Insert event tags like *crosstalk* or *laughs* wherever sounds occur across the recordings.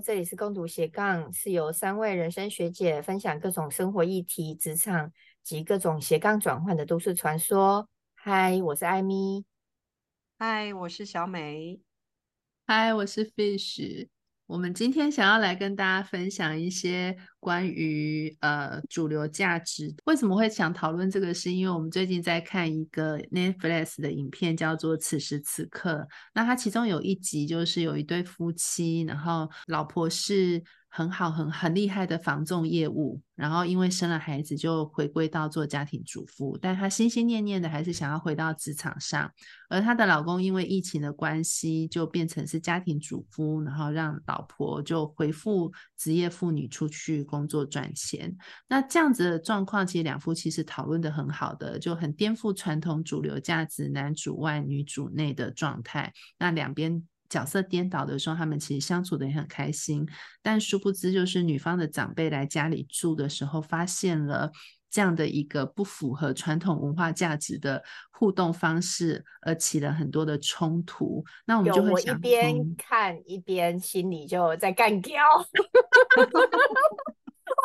這裡是共讀斜槓，是由三位人生學姐分享各種生活議題、職場及各種斜槓轉換的都市傳說。嗨，我是愛咪。嗨，我是小美。嗨，我是 Fish。我們今天想要來跟大家分享一些關於呃主流價值，為什麼會想討論這個是，是因為我們最近在看一個 Netflix 的影片，叫做《此時此刻》。那它其中有一集就是有一對夫妻，然後老婆是很好，很很厲害的房仲業務，然後因為生了孩子就回歸到做家庭主婦，但她心心念念的還是想要回到職場上。而她的老公因為疫情的關係，就變成是家庭主夫，然後讓老婆就回復職業婦女出去工作賺錢。那這樣子的狀況，其實兩夫妻是討論的很好的，就很顛覆傳統主流價值，男主外女主內的狀態。那兩邊。角色顛倒的時候，他們其實相處的也很開心。但殊不知，就是女方的長輩來家裡住的時候，發現了這樣的一個不符合傳統文化價值的互動方式，而起了很多的衝突。那我們就會我一邊看一邊心裡就在幹譙， *laughs* 哈哈 *laughs* *laughs* 我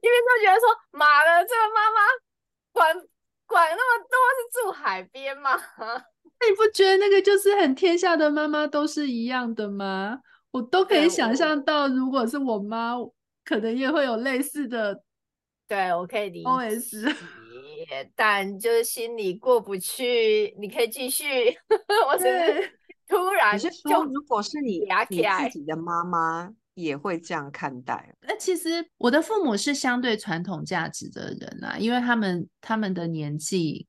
一邊就覺得說媽的，lo, 這個媽媽管管那麼多是住海邊嗎？那你不覺得那個就是很天下的媽媽都是一樣的嗎？我都可以想象到，如果是我媽我，可能也會有類似的、OS。對，我可以理解， *laughs* 但就是心裡過不去。你可以繼續，是 *laughs* 我是突然。就，你是說如果是你，你自己的媽媽也會這樣看待？那其實我的父母是相對傳統價值的人啊，因為他們他們的年紀。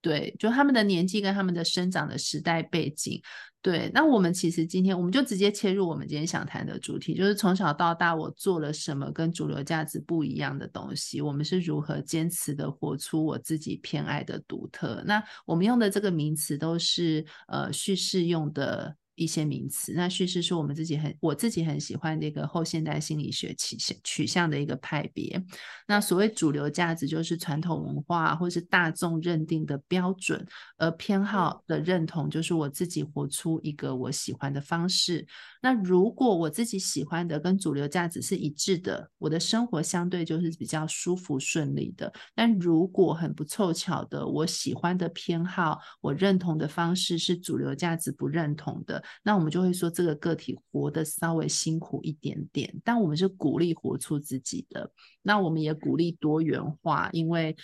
對，就他們的年紀跟他們的生長的時代背景，對。那我們其實今天，我們就直接切入我們今天想談的主題，就是從小到大我做了什麼跟主流價值不一樣的東西，我們是如何堅持的活出我自己偏愛的獨特。那我們用的這個名詞都是，呃，敘事用的。一些名詞，那敘事是我們自己很，我自己很喜歡這個後現代心理學取向取向的一個派別。那所謂主流價值，就是傳統文化或是大眾認定的標準，而偏好的認同就是我自己活出一個我喜歡的方式。那如果我自己喜歡的跟主流價值是一致的，我的生活相對就是比較舒服順利的。但如果很不湊巧的，我喜歡的偏好，我認同的方式是主流價值不認同的。那我們就會說這個個體活得稍微辛苦一點點，但我們是鼓勵活出自己的。那我們也鼓勵多元化，因為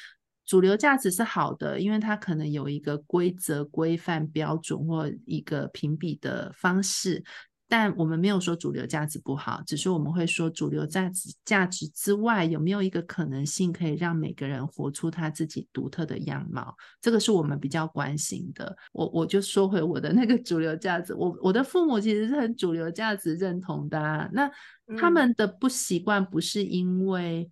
主流價值是好的，因為它可能有一個規則、規範、標準或一個評比的方式。但我們沒有說主流價值不好，只是我們會說主流價值價值之外有沒有一個可能性可以讓每個人活出他自己獨特的樣貌？這個是我們比較關心的。我我就說回我的那個主流價值，我我的父母其實是很主流價值認同的啊，那他們的不習慣不是因為。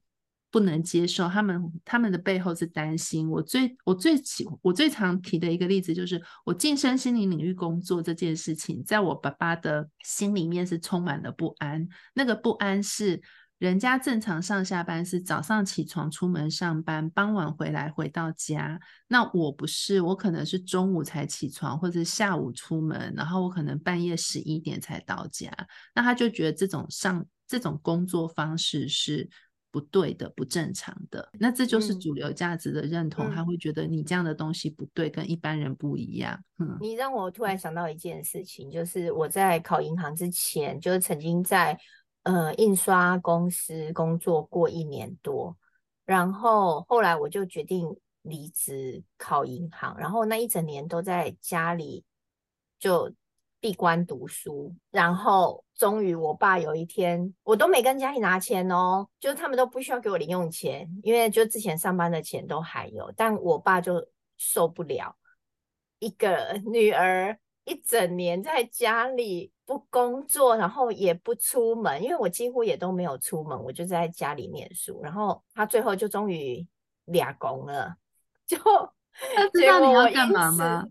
不能接受，他們他們的背後是擔心。我最我最起、我最常提的一個例子就是，我進身心靈領域工作這件事情，在我爸爸的心裡面是充滿了不安。那個不安是，人家正常上下班是早上起床出門上班，傍晚回來回到家。那我不是，我可能是中午才起床，或者下午出門，然後我可能半夜十一點才到家。那他就覺得這種上這種工作方式是。不對的、不正常的，那這就是主流價值的認同，嗯，他會覺得你這樣的東西不對，嗯，跟一般人不一樣，嗯。你讓我突然想到一件事情，就是我在考銀行之前，就是曾經在呃印刷公司工作過一年多，然後後來我就決定離職考銀行，然後那一整年都在家裡就。閉關讀書，然後終於我爸有一天，我都沒跟家裡拿錢哦，就是他們都不需要給我零用錢，因為就之前上班的錢都還有，但我爸就受不了一個女兒一整年在家裡不工作，然後也不出門，因為我幾乎也都沒有出門，我就在家裡念書，然後他最後就終於倆公了，就他知道 *laughs* 你要幹嘛嗎？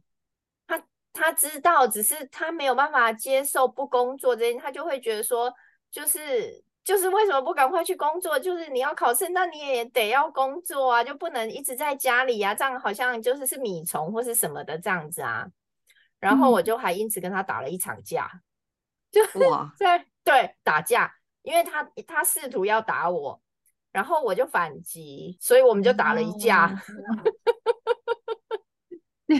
他知道，只是他沒有辦法接受不工作這，他就會覺得說，就是就是為什麼不趕快去工作？就是你要考試，那你也得要工作啊，就不能一直在家裡呀、啊？這樣好像就是是米蟲或是什麼的這樣子啊。然後我就還因此跟他打了一場架，嗯、就是、在哇，對，打架，因為他他試圖要打我，然後我就反擊，所以我們就打了一架。嗯嗯嗯嗯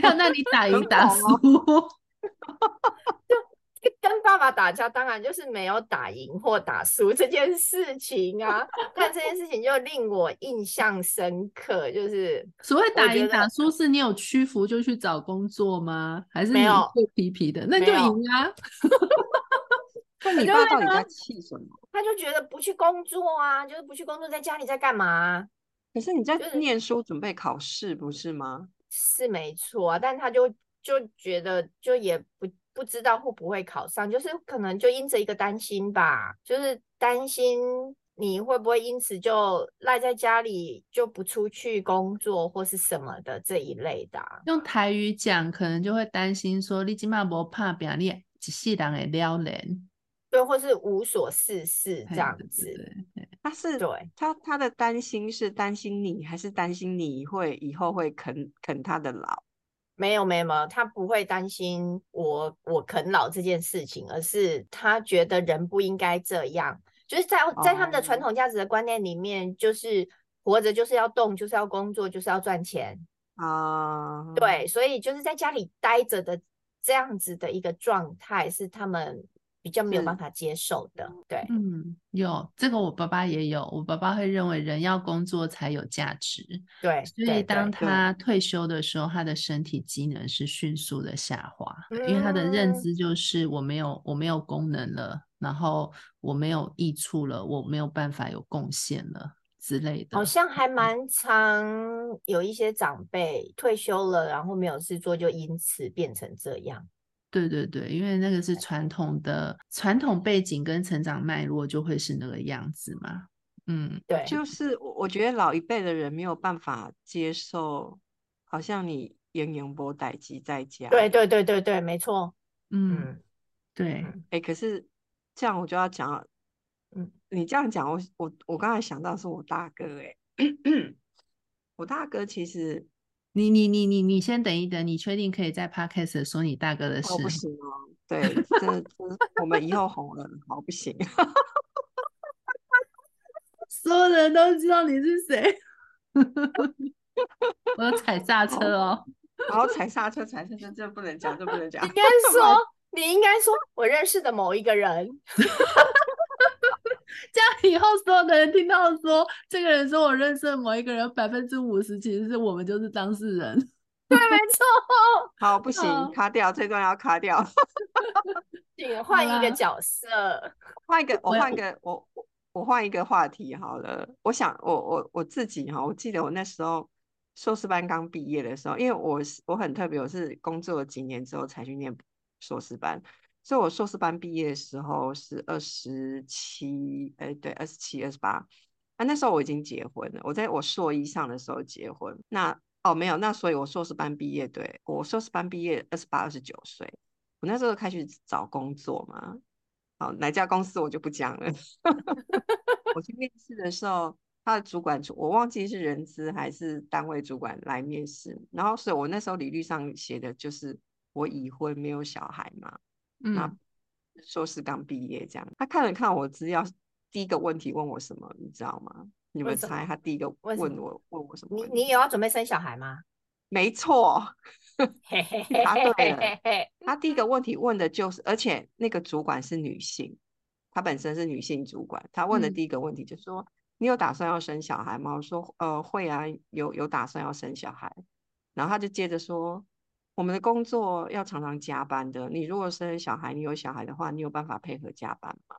那 *laughs* 那你打贏打輸？就 *laughs* 跟爸爸打架，當然就是沒有打贏或打輸這件事情啊。 *laughs* 但這件事情就令我印象深刻，就是所謂打贏打輸，打輸是你有屈服就去找工作嗎？還是沒有皮皮的，那就贏啊。那 *laughs* *laughs* *laughs* 你爸到底在氣什麼？ *laughs* 他就覺得不去工作啊，就是不去工作，在家裡在幹嘛？可是你在念書，就是、準備考試，不是嗎？是沒錯，但他就就覺得就也不不知道會不會考上，就是可能就因着一個擔心吧，就是擔心你會不會因此就賴在家裡就不出去工作或是什麼的這一類的。用台語講，可能就會擔心說，你這馬無拍拼，你一世人會了然。對，或是無所事事這樣子，他是對他他的擔心是擔心你，還是擔心你會以後會啃啃他的老？沒有沒有沒有，他不會擔心我我啃老這件事情，而是他覺得人不應該這樣，就是在在他們的傳統價值的觀念裡面，okay. 就是活着就是要動，就是要工作，就是要賺錢啊。Uh... 對，所以就是在家裡待着的這樣子的一個狀態是他們。比較沒有辦法接受的，對，嗯，有這個，我爸爸也有，我爸爸會認為人要工作才有價值，對，所以當他退休的時候，他的身體機能是迅速的下滑。嗯，因為他的認知就是我沒有，我沒有功能了，然後我沒有益處了，我沒有辦法有貢獻了之類的。好像還蠻常有一些長輩退休了，然後沒有事做，就因此變成這樣。對對對，因為那個是傳統的傳統背景跟成長脈絡，就會是那個樣子嘛。嗯，對， *noise* 就是我覺得老一輩的人沒有辦法接受，好像你延延波，待機在家。對對對對對，沒錯。嗯，嗯對。哎、欸，可是這樣我就要講，嗯，你這樣講，我我我剛才想到是我大哥、欸，哎， *coughs* *coughs* 我大哥其實。你你你你你先等一等，你確定可以在 podcast 說你大哥的事？哦、不行哦，對，這 *laughs* 是我們以後紅了，好不行， *laughs* 所有人都知道你是誰。 *laughs* 我要踩剎車哦，我要踩剎車，踩剎車，這不能講，這不能講。你應該說， *laughs* 你應該說我認識的某一個人。 *laughs* 這樣以後所有的人聽到說，這個人說我認識的某一個人百分之五十，其實是我們就是當事人。對，沒錯。好，不行， *laughs* 卡掉這段要,要卡掉。請 *laughs* 換 *laughs* 一個角色，換 *laughs* 一個，我換一個，我我換一個話題好了。我想，我我我自己哈，我記得我那時候碩士班剛畢業的時候，因為我是我很特別，我是工作了幾年之後才去念碩士班。所以我碩士班畢業的時候是二十七，哎，對，二十七、二十八，啊，那時候我已經結婚了。我在我碩一上的時候結婚。那哦，沒有，那所以我碩士班畢業，對我碩士班畢業二十八、二十九歲，我那時候開始找工作嘛。好，哪家公司我就不講了。 *laughs* 我去面試的時候，他的主管主，我忘記是人資還是單位主管來面試。然後，所以我那時候履歷上寫的就是我已婚，沒有小孩嘛。那碩士剛畢業，這樣，他看了看我資料，第一個問題問我什麼，你知道嗎？你們猜他第一個問我問我什麼？你你有要準備生小孩嗎？沒錯， *laughs* 對 *laughs* *laughs* 他第一個問題問的就是，而且那個主管是女性，她本身是女性主管，她問的第一個問題就是說、嗯，你有打算要生小孩嗎？我說，呃，會啊，有有打算要生小孩。然後他就接着說。我們的工作要常常加班的。你如果生小孩，你有小孩的話，你有辦法配合加班嗎？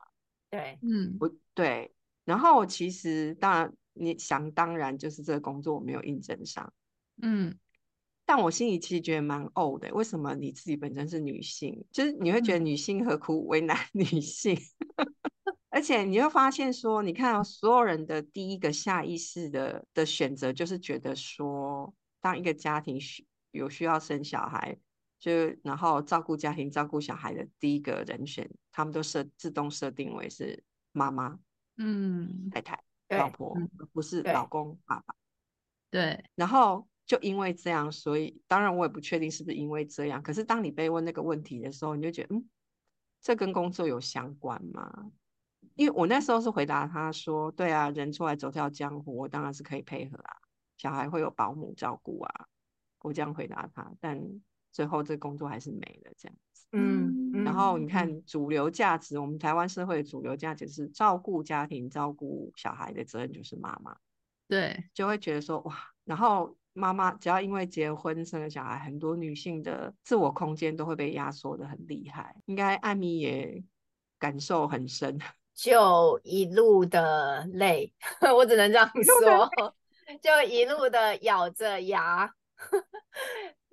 對，嗯，不對。然後其實當然，你想當然就是這個工作我沒有應徵上。嗯，但我心裡其實覺得蠻嘔的、欸。為什麼你自己本身是女性，就是你會覺得女性何苦為難女性？嗯、 *laughs* 而且你會發現說，你看、哦、所有人的第一個下意識的的選擇，就是覺得說，當一個家庭有需要，生小孩，就然後照顧家庭、照顧小孩的第一個人選，他們都設自動設定為是媽媽、嗯，太太、老婆，嗯、不是老公、爸爸。對。然後就因為這樣，所以當然我也不確定是不是因為這樣。可是當你被問那個問題的時候，你就覺得嗯，這跟工作有相關嗎？因為我那時候是回答他說，對啊，人出來走跳江湖，我當然是可以配合啊，小孩會有保姆照顧啊。我這樣回答他，但最後這工作還是沒了，這樣子。嗯，然後你看主流價值，嗯，我們台灣社會的主流價值是照顧家庭、照顧小孩的責任就是媽媽，對，就會覺得說哇，然後媽媽只要因為結婚生了小孩，很多女性的自我空間都會被壓縮的很厲害。應該艾米也感受很深，就一路的累， *laughs* 我只能這樣說， *laughs* 就一路的咬着牙。 *laughs*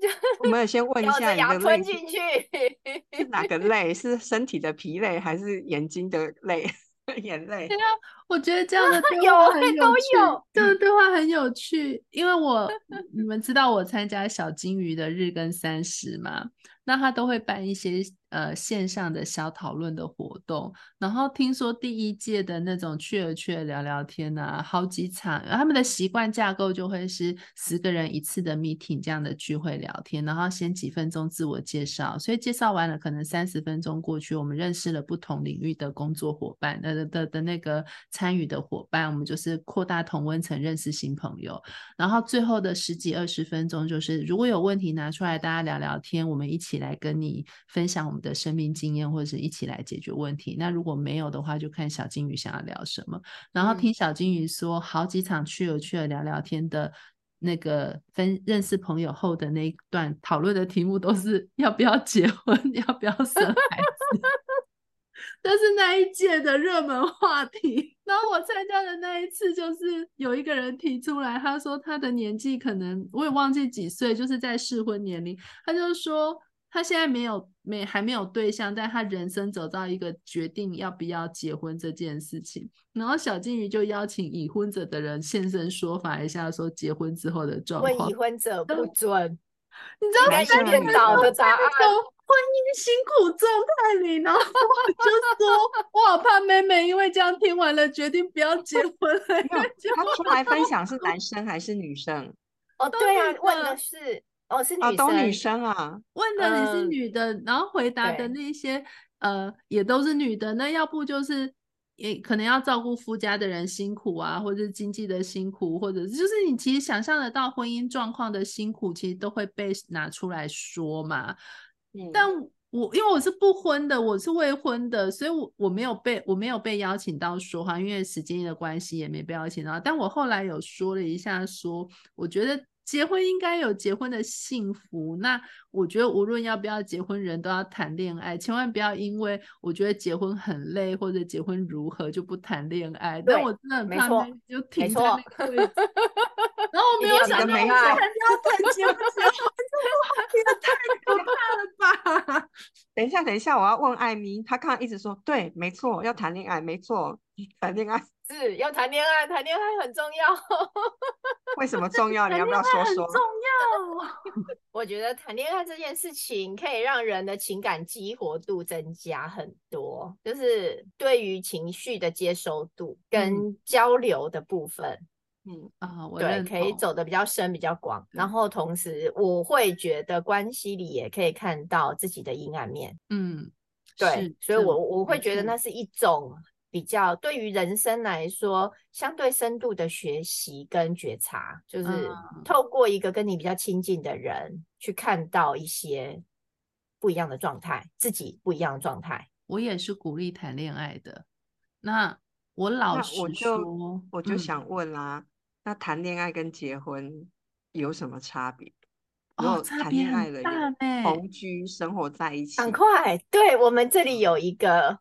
*laughs* 我們也先問一下，哪個淚？是哪個累？是身體的疲累，還是眼睛的淚？ *laughs* 眼淚。 *laughs* 我覺得這樣的對話很有趣，啊有有嗯、對，對話很有趣，因為我 *laughs* 你們知道我參加小金魚的日更三十嘛？那他都會辦一些呃線上的小討論的活動，然後聽說第一屆的那種去而去聊聊天啊，好幾場，他們的習慣架構就會是十個人一次的 meeting 這樣的聚會聊天，然後先幾分鐘自我介紹，所以介紹完了，可能三十分鐘過去，我們認識了不同領域的工作夥伴，呃、的的的那個。參與的伙伴，我們就是擴大同溫層，認識新朋友。然後最後的十幾二十分鐘，就是如果有問題拿出來，大家聊聊天，我們一起來跟你分享我們的生命經驗，或者是一起來解決問題。那如果沒有的話，就看小金魚想要聊什麼，然後聽小金魚說。好幾場去而去了聊聊天的那個分認識朋友後的那一段討論的題目都是要不要結婚，要不要生孩子。 *laughs* 但是那一屆的熱門話題。然後我參加的那一次，就是有一個人提出來，他說他的年紀，可能我也忘記幾歲，就是在適婚年齡。他就說他現在沒有沒還沒有對象，但他人生走到一個決定要不要結婚這件事情。然後小金魚就邀請已婚者的人現身說法一下，說結婚之後的狀況。問已婚者不准，你知道三天找的答案？婚姻辛苦狀態裡，然後我就說， *laughs* 我好怕妹妹因為這樣聽完了決定不要結婚了。 *laughs* 他出來分享是男生還是女生？ *laughs* 哦，對呀，問的是，哦是女生，啊，都女生啊？問的你是女的，呃，然後回答的那些，呃，也都是女的。那要不就是，也可能要照顧夫家的人辛苦啊，或者是經濟的辛苦，或者就是你其實想象得到婚姻狀況的辛苦，其實都會被拿出來說嘛。 *music* 但我因為我是不婚的，我是未婚的，所以我，我我沒有被我沒有被邀請到說話，因為時間的關係也沒被邀請到。但我後來有說了一下說，說我覺得。結婚應該有結婚的幸福。那我覺得無論要不要結婚，人都要談戀愛，千萬不要因為我覺得結婚很累或者結婚如何就不談戀愛。但我真的很怕，沒錯，就停在那個位置 *laughs* 然後我沒有想到結婚要談，結婚結婚這個話題也太可怕了吧！ *laughs* 等一下，等一下，我要問愛咪，她剛剛一直說，對，沒錯，要談戀愛，沒錯，談戀愛。是，要談戀愛，談戀愛很重要。 *laughs* 為什麼重要？你要不要說說？很重要。 *laughs* 我覺得談戀愛這件事情可以讓人的情感激活度增加很多，就是對於情緒的接收度跟交流的部分。嗯嗯啊我，對，可以走得比較深、比較廣、嗯，然後同時我會覺得關係裡也可以看到自己的陰暗面。嗯，對，所以我，我我會覺得那是一種比較對於人生來說相對深度的學習跟覺察，就是透過一個跟你比較親近的人去看到一些不一樣的狀態，自己不一樣的狀態。我也是鼓勵談戀愛的，那我老實說，我就，我就想問啦。嗯那談戀愛跟結婚有什麼差別？哦，談戀愛的人、欸、同居生活在一起。很快，對，我們這裡有一個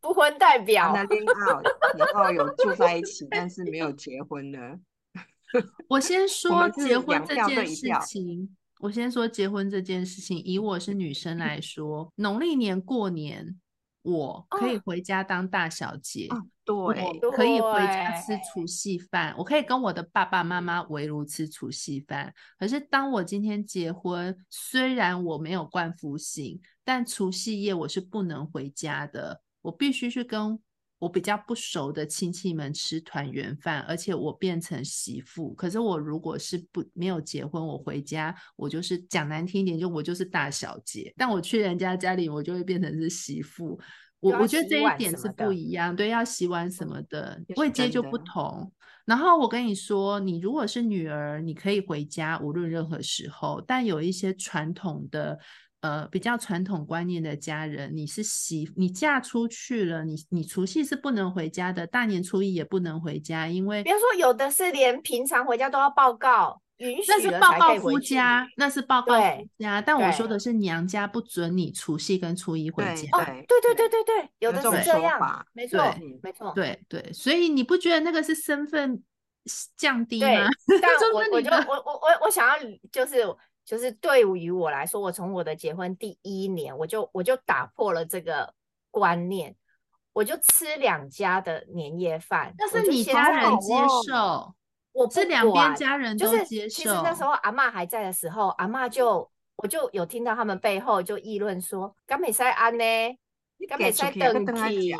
不婚代表。那邊剛好然後有住在一起， *laughs* 但是沒有結婚的。 *laughs* 我先說結婚這件事情。 *laughs* 我先說結婚這件事情。 *laughs* 以我是女生來說， *laughs* 農曆年過年。我可以回家當大小姐，啊啊、對，可以回家吃除夕飯。我可以跟我的爸爸媽媽圍爐吃除夕飯。可是當我今天結婚，雖然我沒有冠夫姓，但除夕夜我是不能回家的，我必須去跟我比較不熟的親戚們吃團圓飯，而且我變成媳婦。可是我如果是不沒有結婚，我回家我就是講難聽一點，就我就是大小姐。但我去人家家裡，我就會變成是媳婦。我我覺得這一點是不一樣的對，要洗碗什麼的，的啊、位階就不同。然後我跟你說，你如果是女兒，你可以回家，無論任何時候。但有一些傳統的。呃，比較傳統觀念的家人，你是媳，你嫁出去了，你你除夕是不能回家的，大年初一也不能回家，因為比如說有的是連平常回家都要報告，允許了才可以回家，那是報告夫家，那是報告夫家。但我說的是娘家不准你除夕跟初一回家。哦，對對對對對，有的是這樣，沒錯，沒錯，對、嗯、對，對，所以你不覺得那個是身份降低嗎？但我 *laughs* 我就我我我我想要就是。就是對於我來說，我從我的結婚第一年，我就我就打破了這個觀念，我就吃兩家的年夜飯。但是你家人接受，我這兩邊家人都接受。就是、其實那時候阿嬤還在的時候，阿嬤就我就有聽到他們背後就議論說，干美晒安呢，干美晒等你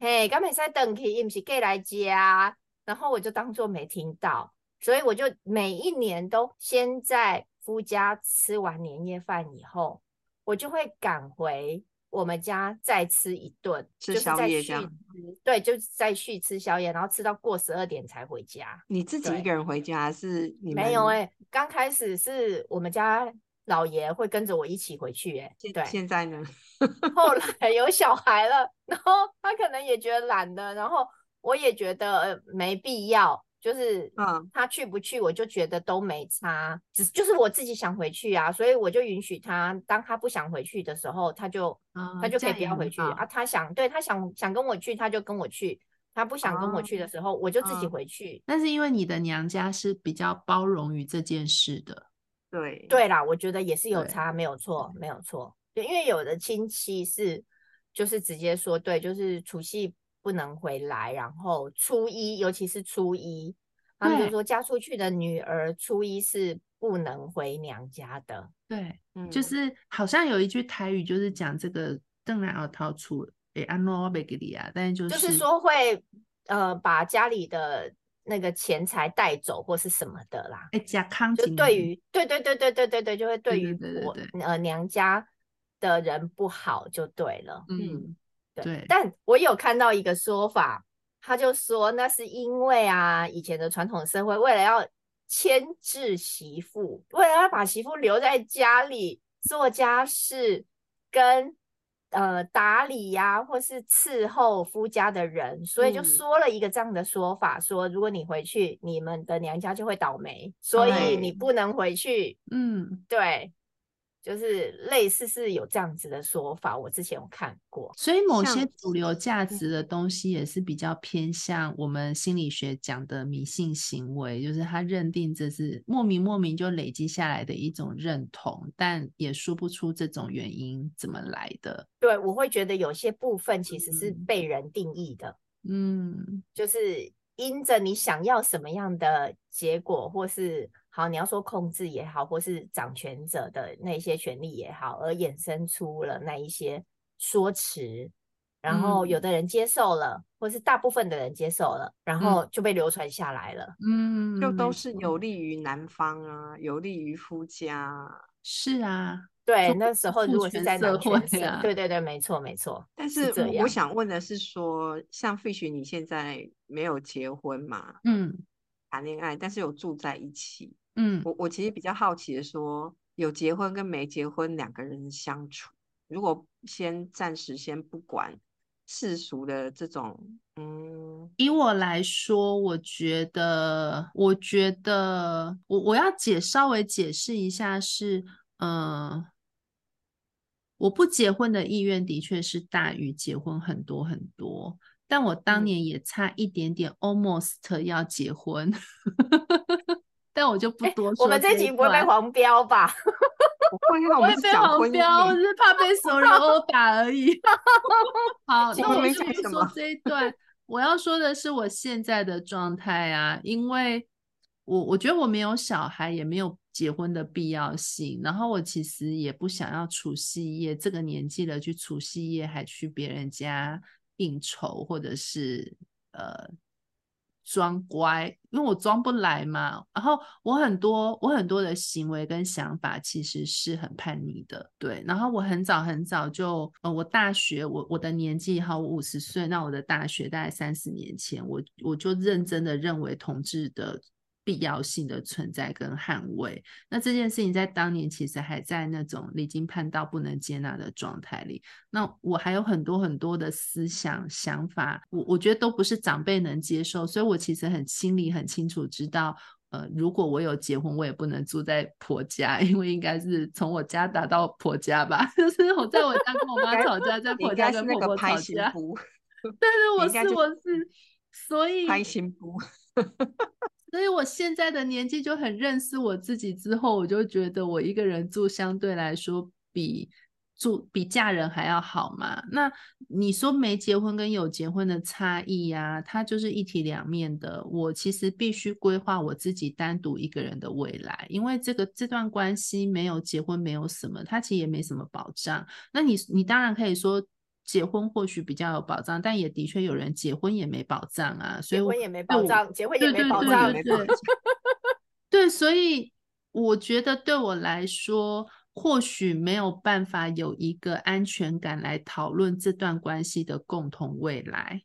嘿，干沒晒等起，伊唔是給來接啊。然後我就當做沒聽到，所以我就每一年都先在。夫家吃完年夜飯以後，我就會趕回我們家再吃一頓，吃宵夜就是再去對，就再去吃宵夜，然後吃到過十二點才回家。你自己一個人回家是？沒有哎、欸，剛開始是我們家老爺會跟着我一起回去，欸，哎，對，現在呢？ *laughs* 後來有小孩了，然後他可能也覺得懶得，然後我也覺得、呃、沒必要。就是，嗯，他去不去，我就覺得都沒差，只是就是我自己想回去啊，所以我就允許他，當他不想回去的時候，他就，嗯，他就可以不要回去啊。他想，對他想，想跟我去，他就跟我去；他不想跟我去的時候，嗯、我就自己回去。但是因為你的娘家是比較包容於這件事的，對，對啦，我覺得也是有差，沒有錯，沒有錯，對，因為有的親戚是就是直接說，對，就是除夕。不能回來，然後初一，尤其是初一，他們就是說嫁出去的女兒初一是不能回娘家的。對，嗯，就是好像有一句台語，就是講這個、欸啊。但是、就、但是，就是說會呃把家裡的那個錢財帶走或是什麼的啦。欸、就對於對對對對對對對，就會對於我對對對對呃娘家的人不好就對了，嗯。嗯對，但我有看到一個說法，他就說那是因為啊，以前的傳統社會為了要牽制媳婦，為了要把媳婦留在家裡做家事跟呃打理呀，啊，或是伺候夫家的人，所以就說了一個這樣的說法，嗯，說如果你回去，你們的娘家就會倒霉，所以你不能回去。嗯，對。就是類似是有這樣子的說法，我之前有看過。所以某些主流價值的東西也是比較偏向我們心理學講的迷信行為，就是他認定這是莫名莫名就累積下來的一種認同，但也說不出這種原因怎麼來的。對，我會覺得有些部分其實是被人定義的，嗯，嗯，就是因着你想要什麼樣的結果，或是。好，你要說控制也好，或是掌權者的那些權力也好，而衍生出了那一些說辭，然後有的人接受了，嗯、或是大部分的人接受了，然後就被流傳下來了。嗯，就都是有利於男方啊，有利於夫家啊。是啊，對，那時候如果是在男權社會啊、對對對，沒錯沒錯。但是，是我想問的是說，說像 Fish 你現在沒有結婚嘛。嗯，談戀愛，但是有住在一起。嗯，我我其實比較好奇的說，有結婚跟沒結婚兩個人相處，如果先暫時先不管世俗的這種，嗯，以我來說，我覺得，我覺得，我我要解稍微解釋一下是，呃，我不結婚的意願的確是大於結婚很多很多，但我當年也差一點點，almost 要結婚。嗯 *laughs* 那我就不多說，欸。我們這集不會被黃標吧？不 *laughs* 會，我們不講婚姻被黃標 *laughs* 我是怕被所有人毆打而已。 *laughs* *laughs* 好， *laughs* 那我們先說這一段。 *laughs* 我要說的是我現在的狀態啊，因為我我覺得我沒有小孩，也沒有結婚的必要性。然後我其實也不想要除夕夜 *laughs* 這個年紀了去除夕夜，還去別人家應酬，或者是呃。裝乖，因為我裝不來嘛。然後我很多，我很多的行為跟想法其實是很叛逆的，對。然後我很早很早就，呃，我大學，我我的年紀哈，我五十歲，那我的大學大概三十年前，我我就認真的認為同志的。必要性的存在跟捍衛，那這件事情在當年其實還在那種離經叛道不能接納的狀態裡。那我還有很多很多的思想想法，我我覺得都不是長輩能接受，所以我其實很心裡很清楚知道，呃，如果我有結婚，我也不能住在婆家，因為應該是從我家打到婆家吧？ *laughs* 就是我在我家跟我媽吵架，在婆家跟婆婆吵架。對。 *laughs* 對，我 *laughs* 是我是，所以拍新不所以我現在的年紀就很認識我自己，之後我就覺得我一個人住相對來說比住比嫁人還要好嘛。那你說沒結婚跟有結婚的差異呀？它就是一體兩面的。我其實必須規劃我自己單獨一個人的未來，因為這個這段關係沒有結婚沒有什麼，它其實也沒什麼保障。那你你當然可以說。結婚或許比較有保障，但也的確有人結婚也沒保障啊。結婚也沒保障，結婚也沒保障。對，對，對，對，對，對， *laughs* 對。所以我覺得對我來說，或許沒有辦法有一個安全感來討論這段關係的共同未來。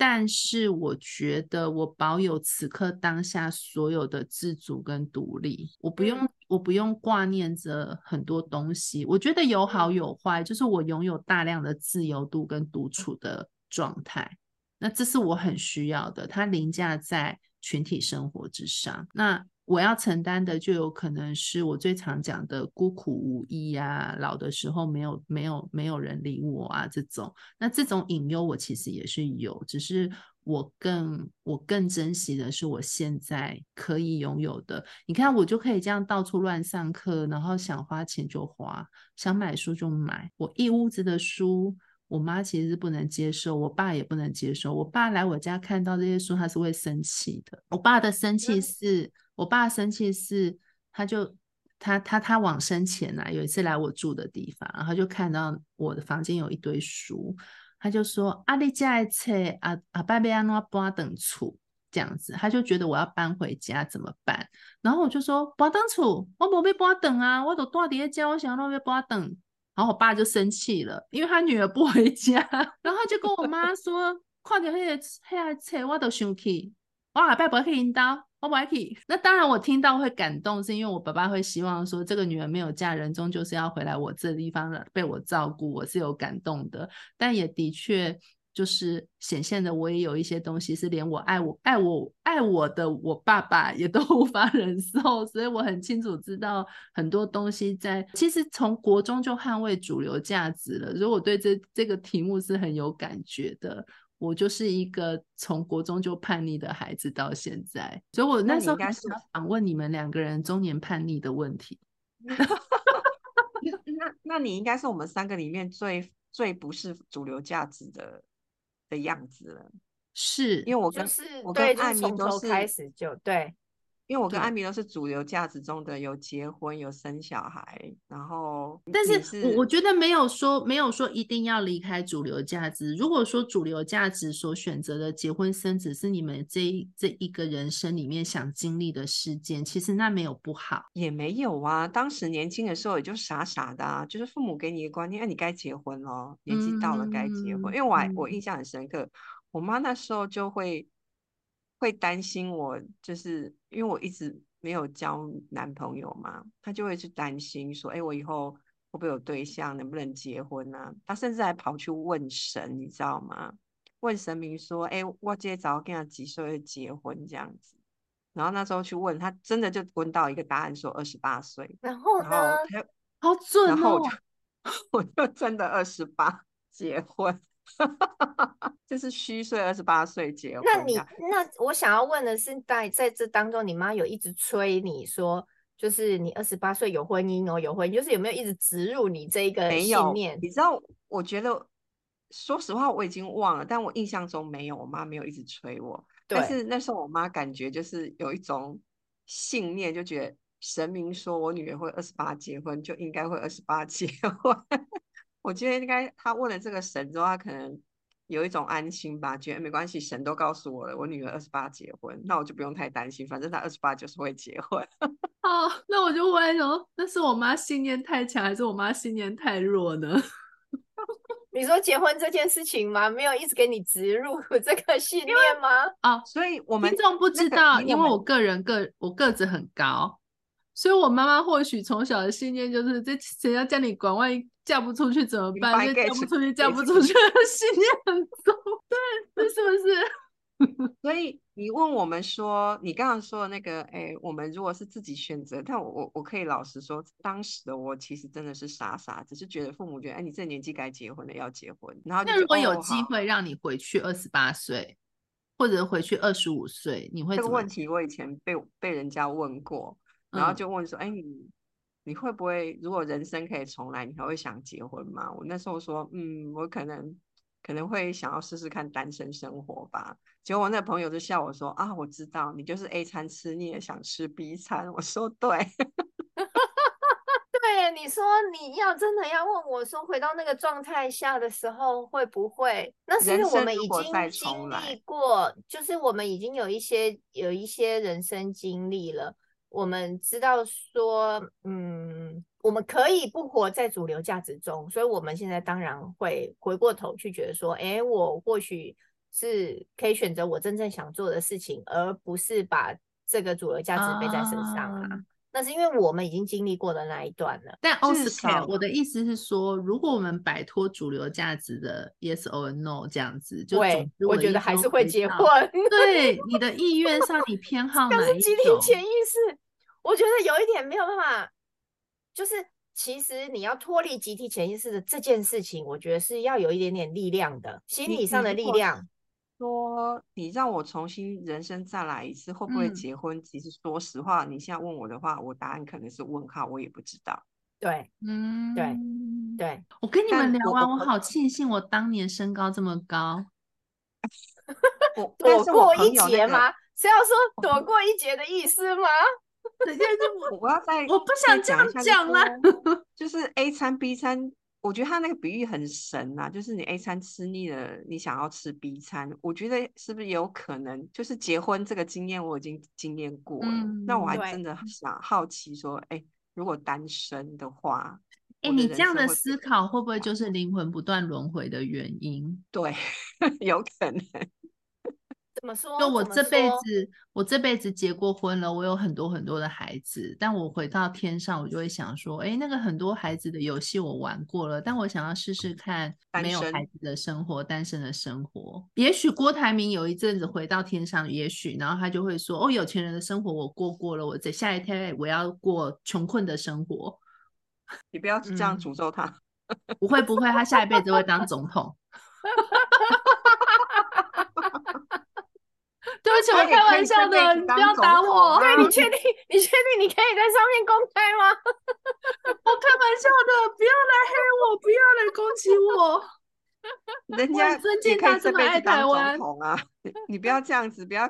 但是我覺得我保有此刻當下所有的自主跟獨立，我不用我不用掛念着很多東西，我覺得有好有壞，就是我擁有大量的自由度跟獨處的狀態，那這是我很需要的，它凌駕在群體生活之上，那。我要承擔的就有可能是我最常講的孤苦無依呀、啊，老的時候沒有沒有沒有人理我啊這種。那這種隱憂我其實也是有，只是我更我更珍惜的是我現在可以擁有的。你看我就可以這樣到處亂上課，然後想花錢就花，想買書就買，我一屋子的書。我媽其實是不能接受，我爸也不能接受。我爸來我家看到這些書，他是會生氣的。我爸的生氣是，我爸的生氣是，他就他他他往生前吶、啊，有一次來我住的地方，然後就看到我的房間有一堆書，他就說：“阿麗家一冊啊啊，拜拜阿諾巴等處這樣子。”他就覺得我要搬回家怎麼辦？然後我就說：“巴登處，我不必巴等啊，我都多在的家，我啥路要巴等。”然後我爸就生氣了，因為他女兒不回家， *laughs* 然後他就跟我媽說，快 *laughs* 到那些那些我都生氣，我阿爸不會聽到，我不愛聽。那當然，我聽到會感動，是因為我爸爸會希望說，這個女兒沒有嫁人，終究是要回來我這地方了，被我照顧，我是有感動的，但也的確。就是顯現的，我也有一些東西是連我愛我愛我愛我的我爸爸也都無法忍受，所以我很清楚知道很多東西在。其實從國中就捍衛主流價值了，所以我對這這個題目是很有感覺的。我就是一個從國中就叛逆的孩子，到現在，所以我那時候想問你們兩個人中年叛逆的問題。那你 *laughs* 那，那你應該是我們三個裡面最最不是主流價值的。的樣子了，是因為我跟，就是，我跟明都是就從頭開始就對。因為我跟愛咪都是主流價值中的，有結婚，有生小孩，然後，但是我我覺得沒有說沒有說一定要離開主流價值。如果說主流價值所選擇的結婚生子是你們這一這一個人生裡面想經歷的事件，其實那沒有不好，也沒有啊。當時年輕的時候也就傻傻的、啊，就是父母給你一個觀念，哎，你該結婚囉，年紀到了該結婚。嗯，因為我還我印象很深刻，嗯，我媽那時候就會。會擔心我，就是因為我一直沒有交男朋友嘛，他就會去擔心說，哎，我以後會不會有對象，能不能結婚呢、啊？他甚至還跑去問神，你知道嗎？問神明說，哎，我天早要幾歲結婚這樣子？然後那時候去問他，真的就問到一個答案，說二十八歲。然後呢，然後，他、好準哦、然後我就我就真的二十八結婚。哈哈哈，就是虛歲二十八歲結婚。那你，我你那我想要問的是，在在這當中，你媽有一直催你說，就是你二十八歲有婚姻哦，有婚姻，就是有沒有一直植入你這一個信念？沒有，你知道，我覺得，說實話，我已經忘了，但我印象中沒有，我媽沒有一直催我對。但是那時候我媽感覺就是有一種信念，就覺得神明說我女兒會二十八結婚，就應該會二十八結婚。 *laughs* 我覺得應該，他問了這個神之後，他可能有一種安心吧，覺得沒關係，神都告訴我了，我女兒二十八結婚，那我就不用太擔心，反正她二十八就是會結婚。哦，那我就會想，那是我媽信念太強，還是我媽信念太弱呢？ *laughs* 你說結婚這件事情嗎？沒有一直給你植入這個信念嗎？啊、哦，所以我們聽眾不知道、那個因，因為我個人個我個子很高，所以我媽媽或許從小的信念就是，這誰要叫你管外？嫁不出去怎麼辦？嫁不出去，嫁不出去，出去心裡很重，對，這是不是？所以你問我們說，你剛剛說的那個，哎、欸，我們如果是自己選擇，但我我我可以老實說，當時的我其實真的是傻傻，只是覺得父母覺得，哎、欸，你這年紀該結婚了，要結婚。然後你那如果有機會讓你回去二十八歲，或者回去二十五歲，你會？這個問題我以前被被人家問過，然後就問說，哎、欸，你、嗯。你會不會？如果人生可以重來，你還會想結婚嗎？我那時候說，嗯，我可能可能會想要試試看單身生活吧。結果我那朋友就笑我說：“啊，我知道你就是 A 餐吃膩了，你想吃 B 餐。”我說：“對， *laughs* *laughs* 對。”你說你要真的要問我說，回到那個狀態下的時候會不會？那是不是我們已經經歷過重來，就是我們已經有一些有一些人生經歷了。我們知道說，嗯，我們可以不活在主流價值中，所以我們現在當然會回過頭去覺得說，誒，我或許是可以選擇我真正想做的事情，而不是把這個主流價值背在身上啊。Oh. 那是因為我們已經經歷過的那一段了。但奧斯卡，我的意思是說，如果我們擺脫主流價值的 yes or no 這樣子，對，我覺得還是會結婚。 *laughs* 對，你的意願上，你偏好哪一種？但是集體潛意識，我覺得有一點沒有辦法。就是，其實你要脫離集體潛意識的這件事情，我覺得是要有一點點力量的，心理上的力量。說你讓我重新人生再來一次，會不會結婚？嗯，其實說實話，你現在問我的話，我答案可能是問號，我也不知道。對，嗯，對，對。我跟你們聊完，我，我好慶幸我當年身高這麼高，我但我那個、躲過一劫嗎？是要說躲過一劫的意思嗎？等一下，我我要在，我不想這樣講了，講就， *laughs* 就是 A 餐 B 餐。我覺得他那個比喻很神吶、啊，就是你 A 餐吃膩了，你想要吃 B 餐。我覺得是不是有可能，就是結婚這個經驗我已經經驗過了、嗯，那我還真的想好奇說，哎、欸，如果單身的話，哎、欸，你這樣的思考會不會就是靈魂不斷輪迴的原因？對，有可能。怎麼說？就我這輩子，我這輩子結過婚了，我有很多很多的孩子，但我回到天上，我就會想說，哎，那個很多孩子的遊戲我玩過了，但我想要試試看沒有孩子的生活單，單身的生活。也許郭台銘有一陣子回到天上，也許，然後他就會說，哦，有錢人的生活我過過了，我在下一天我要過窮困的生活。你不要這樣詛咒他，嗯、 *laughs* 不會不會，他下一輩子會當總統。 *laughs* *laughs* 對不起，我開玩笑的，啊，你不要打我。對、哎嗯、你確定？你確定你可以在上面公開嗎？ *laughs* 我開玩笑的，不要來黑我，不要來攻擊我。人家你可以這輩子當，啊， *laughs* 輩子當總統啊！你不要這樣子，不要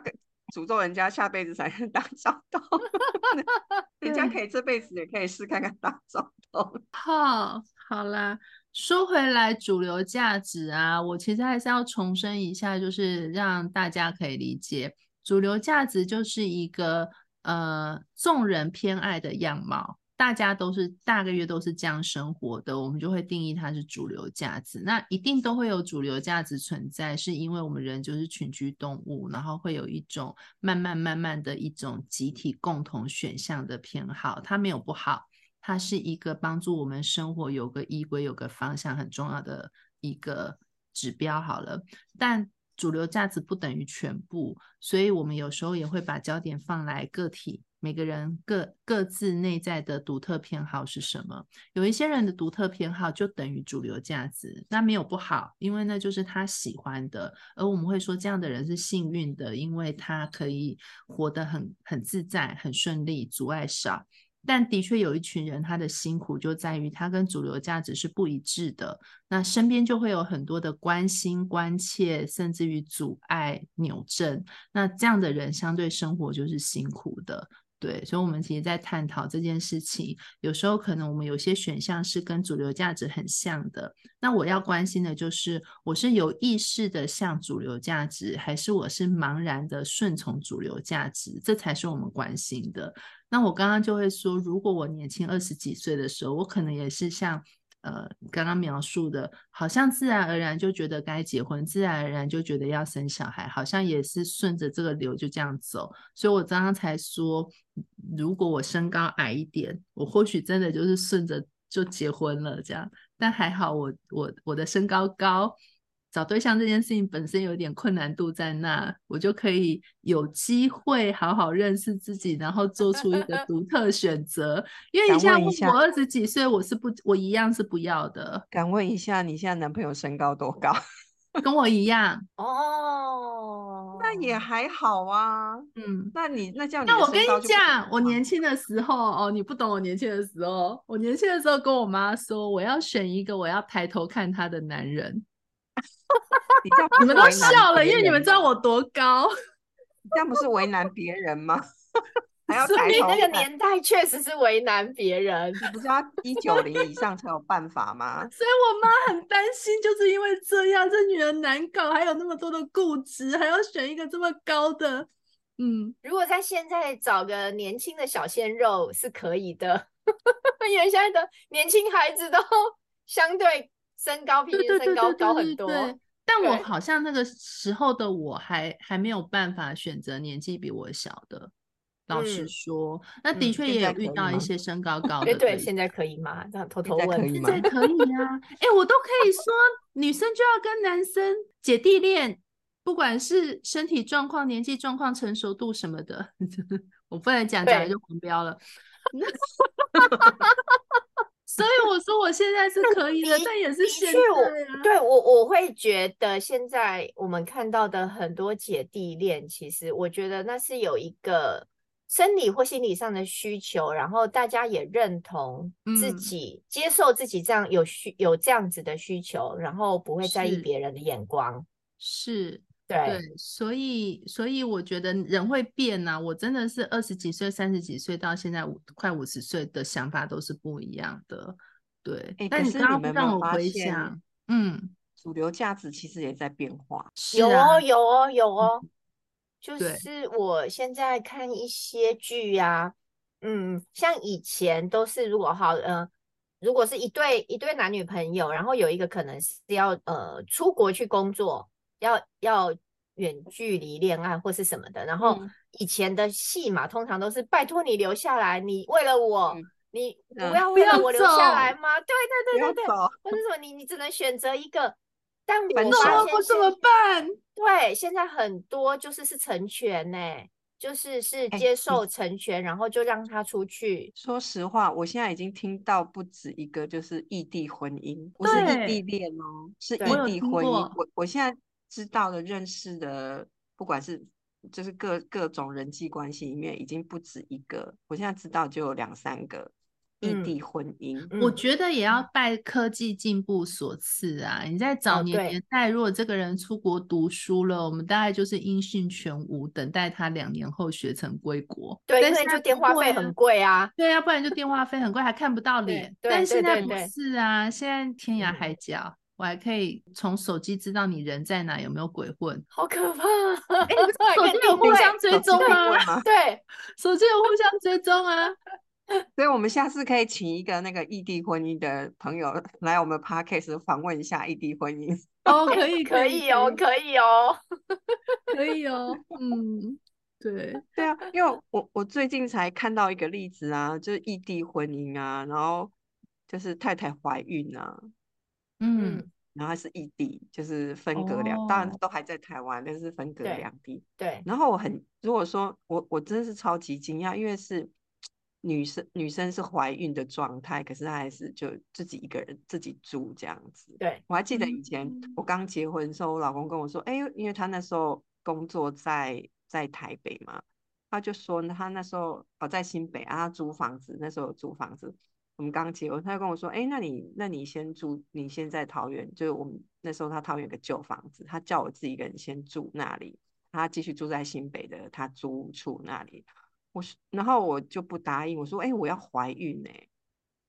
詛咒人家下輩子才能當總統。 *laughs* *laughs* 人家可以這輩子也可以試看看當總統。好、 *laughs* 哦，好啦。說回來，主流價值啊，我其實還是要重申一下，就是讓大家可以理解，主流價值就是一個呃眾人偏愛的樣貌，大家都是，大個月都是這樣生活的，我們就會定義它是主流價值。那一定都會有主流價值存在，是因為我們人就是群居動物，然後會有一種慢慢慢慢的一種集體共同選項的偏好，它沒有不好。它是一個幫助我們生活有個依歸、有個方向很重要的一個指標。好了，但主流價值不等於全部，所以我們有時候也會把焦點放來個體，每個人各各自內在的獨特偏好是什麼？有一些人的獨特偏好就等於主流價值，那沒有不好，因為那就是他喜歡的，而我們會說這樣的人是幸運的，因為他可以活得很很自在、很順利，阻礙少。但的確有一群人，他的辛苦就在於他跟主流價值是不一致的。那身邊就會有很多的關心、關切，甚至於阻礙、扭正。那這樣的人相對生活就是辛苦的。對，所以，我們其實，在探討這件事情，有時候可能我們有些選項是跟主流價值很像的。那我要關心的就是，我是有意識的向主流價值，還是我是茫然的順從主流價值？這才是我們關心的。那我剛剛就會說，如果我年輕二十幾歲的時候，我可能也是像呃剛剛描述的，好像自然而然就覺得該結婚，自然而然就覺得要生小孩，好像也是順着這個流就這樣走。所以我剛剛才說，如果我身高矮一點，我或許真的就是順着就結婚了這樣。但還好我我我的身高高。找對象這件事情本身有點困難度在那，我就可以有機會好好認識自己，然後做出一個獨特選擇。因為你像我二，我二十幾歲，我是不，我一樣是不要的。敢問一下，你現在男朋友身高多高？ *laughs* 跟我一樣哦，oh, 那也還好啊。嗯，那你那叫你那我跟你講，我年輕的時候哦，你不懂我年輕的時候，我年輕的時候跟我媽說，我要選一個我要抬頭看他的男人。你，你們都笑了，因為你們知道我多高。 *laughs* 這樣不是為難別人嗎？還要所以那個年代確實是為難別人，你不是要一九零以上才有辦法嗎？所以我媽很擔心，就是因為這樣，這女人難搞，還有那麼多的固執，還要選一個這麼高的。嗯，如果在現在找個年輕的小鮮肉是可以的， *laughs* 因為現在的年輕孩子都相對。身高比身高高很多對對對對對對對，但我好像那個時候的我還還沒有辦法選擇年紀比我小的。老實說，那的確也有遇到一些身高高的、嗯對。對，現在可以嗎？那偷偷問，現在可以，在可以啊！哎、 *laughs* 欸，我都可以說， *laughs* 女生就要跟男生姐弟戀，不管是身體狀況、 *laughs* 年紀狀況、成熟度什麼的， *laughs* 我不能講，講、啊、就狂飆了。 *laughs* *laughs* *laughs* 所以我說我現在是可以的， *laughs* 但也是現在、啊。對我，我會覺得現在我們看到的很多姐弟戀，其實我覺得那是有一個生理或心理上的需求，然後大家也認同自己、嗯、接受自己這樣有需有這樣子的需求，然後不會在意別人的眼光。是。是對，對，所以所以我覺得人會變啊，我真的是二十幾歲、三十幾歲到現在五快五十歲的想法都是不一樣的。對，但你剛剛是你們沒想，沒發現，嗯，主流價值其實也在變化。嗯啊、有哦，有哦，有哦、嗯，就是我現在看一些劇啊，嗯，像以前都是如果好，呃如果是一對一對男女朋友，然後有一個可能是要呃出國去工作。要要遠距離戀愛或是什麼的，然後以前的戲嘛、嗯，通常都是拜託你留下來，你為了我、嗯，你不要為了我留下來嗎？對、嗯、對對對對，或者什麼你你只能選擇一個，但我，我怎麼辦？對，現在很多就是是成全呢、欸，就是是接受成全、欸嗯，然後就讓他出去。說實話，我現在已經聽到不止一個，就是異地婚姻，不是異地戀哦、喔，是異地婚姻。我我，我現在。知道的、認識的，不管是就是各各種人際關係裡面，已經不止一個。我現在知道就有兩三個異地婚姻。嗯，我覺得也要拜科技進步所賜啊。嗯，你在早年年代，哦，如果這個人出國讀書了，我們大概就是音訊全無，等待他兩年後學成歸國。對，但是就電話費很貴啊。對啊，不然就電話費很貴，還看不到臉。但現在不是啊，現在天涯海角。我還可以從手機知道你人在哪，有沒有鬼混？好可怕！哎、 *laughs* 欸，手機有互相追蹤嗎？對，手機有互相追蹤啊。蹤啊 *laughs* 所以我們下次可以請一個那個異地婚姻的朋友來我們 Podcast 訪問一下異地婚姻。 *laughs* 哦可可可，可以，可以哦，可以哦， *laughs* 可以哦。嗯，對， *laughs* 對啊，因為我我最近才看到一個例子啊，就是異地婚姻啊，然後就是太太懷孕啊。嗯，嗯，然後是異地，就是分隔兩、哦，當然都還在台灣，但是分隔兩地。對。對，然後我很，如果說我我真的是超級驚訝，因為是女生女生是懷孕的狀態，可是她還是就自己一個人自己住這樣子。對。我還記得以前我剛結婚的時候，我老公跟我說：“哎，因為他那時候工作在在台北嘛，他就說他那時候哦，在新北啊他租房子，那時候租房子。”我們剛結婚，他就跟我說：“欸、那你那你先住，你先在桃園，就是我們那時候他桃園有個舊房子，他叫我自己一個人先住那裡。他繼續住在新北的他租屋處那裡。我說，然後我就不答應，我說：哎、欸，我要懷孕呢、欸。」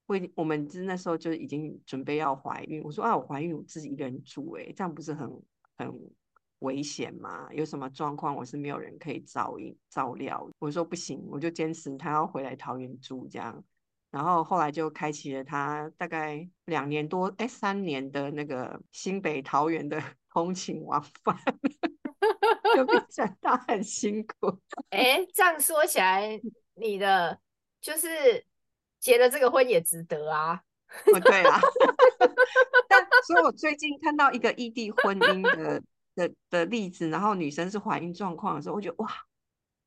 我我們之那時候就已經準備要懷孕。我說啊，我懷孕我自己一個人住、欸，哎，這樣不是很很危險嗎？有什麼狀況我是沒有人可以照應照料。我說不行，我就堅持他要回來桃園住這樣。”然後後來就開啟了他大概兩年多，哎三年的那個新北桃園的通勤往返， *laughs* 就變成他很辛苦。哎， *laughs* 這樣說起來，你的就是結了這個婚也值得啊？ *laughs* 哦、對啊。 *laughs* 但所以我最近看到一個異地婚姻的 *laughs* 的的例子，然後女生是懷孕狀況的時候，我覺得哇，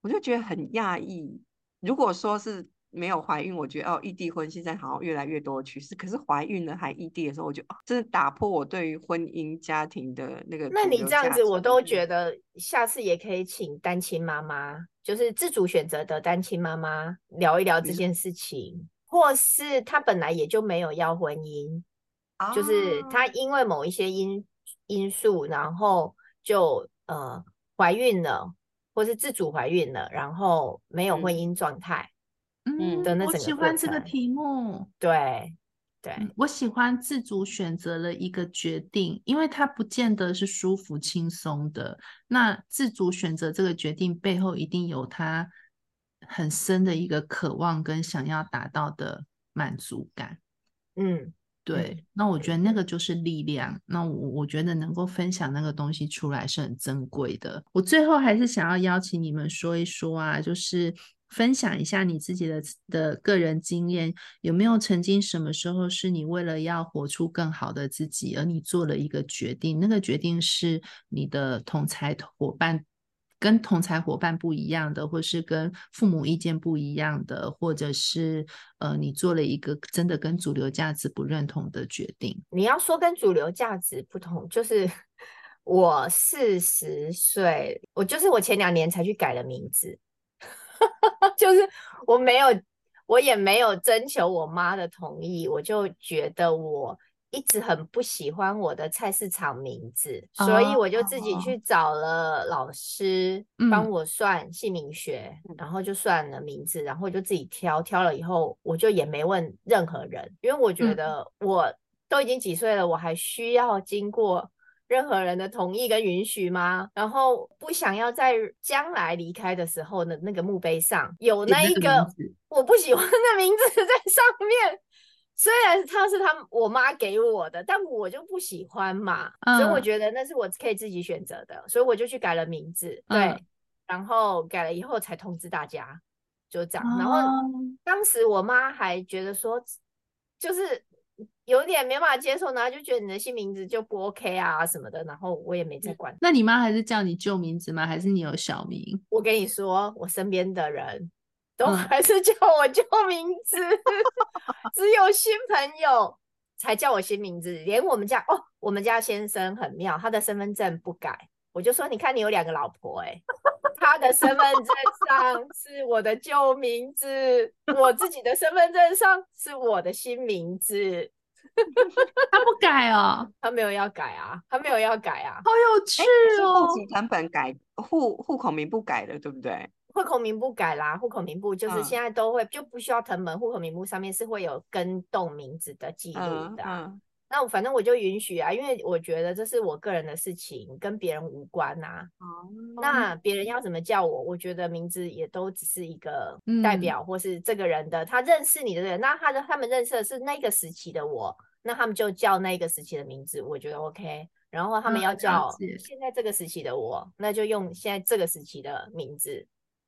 我就覺得很訝異。如果說是。沒有懷孕，我覺得哦，異地婚現在好像越來越多的趨勢。可是懷孕了還異地的時候，我就，得、哦、是真的打破我對於婚姻、家庭的那個。那你這樣子，我都覺得下次也可以請單親媽媽，就是自主選擇的單親媽媽聊一聊這件事情，或是她本來也就沒有要婚姻，啊、就是她因為某一些因因素，然後就呃懷孕了，或是自主懷孕了，然後沒有婚姻狀態。嗯嗯，我喜歡這個題目。對，對，我喜歡自主選擇了一個決定，因為它不見得是舒服、輕鬆的。那自主選擇這個決定背後，一定有他很深的一個渴望跟想要達到的滿足感。嗯，對。嗯。那我覺得那個就是力量。那我我覺得能夠分享那個東西出來是很珍貴的。我最後還是想要邀請你們說一說啊，就是。分享一下你自己的的個人經驗，有沒有曾經什麼時候是你為了要活出更好的自己，而你做了一個決定？那個決定是你的同儕夥伴跟同儕夥伴不一樣的，或是跟父母意見不一樣的，或者是呃，你做了一個真的跟主流價值不認同的決定？你要說跟主流價值不同，就是我四十歲，我就是我前兩年才去改了名字。 *laughs* 就是我沒有，我也沒有徵求我媽的同意，我就覺得我一直很不喜歡我的菜市場名字，oh, 所以我就自己去找了老師，oh. 幫我算姓名學，mm. 然後就算了名字，然後就自己挑，挑了以後我就也沒問任何人，因為我覺得我都已經幾歲了，我還需要經過。任何人的同意跟允許嗎？然後不想要在將來離開的時候的那個墓碑上有那一個我不喜歡的名字在上面。雖然他是他我媽給我的，但我就不喜歡嘛、嗯，所以我覺得那是我可以自己選擇的，所以我就去改了名字。對、嗯，然後改了以後才通知大家，就這樣。嗯、然後當時我媽還覺得說，就是。有點沒辦法接受，然後就覺得你的新名字就不 OK 啊什麼的，然後我也沒再管、嗯。那你媽還是叫你舊名字嗎？還是你有小名？我跟你說，我身邊的人都還是叫我舊名字，嗯、 *laughs* 只有新朋友才叫我新名字。連我們家哦，我們家先生很妙，他的身份證不改，我就說你看你有兩個老婆哎、欸， *laughs* 他的身份證上是我的舊名字， *laughs* 我自己的身份證上是我的新名字。 *laughs* *laughs* 他不改哦，他沒有要改啊，他沒有要改啊， *laughs* 好有趣哦。戶籍謄本改戶戶口名簿改的對不對？戶口名簿改啦、啊，戶口名簿就是現在都會、嗯、就不需要謄本，戶口名簿上面是會有更動名字的記錄的、啊。嗯嗯那我反正我就允許啊，因為我覺得這是我個人的事情，跟別人無關啊。哦、oh，那別人要怎麼叫我？我覺得名字也都只是一個代表，嗯，或是這個人的他認識你的人，那他的他們認識的是那個時期的我，那他們就叫那個時期的名字，我覺得 OK。然後他們要叫現在這個時期的我，那就用現在這個時期的名字。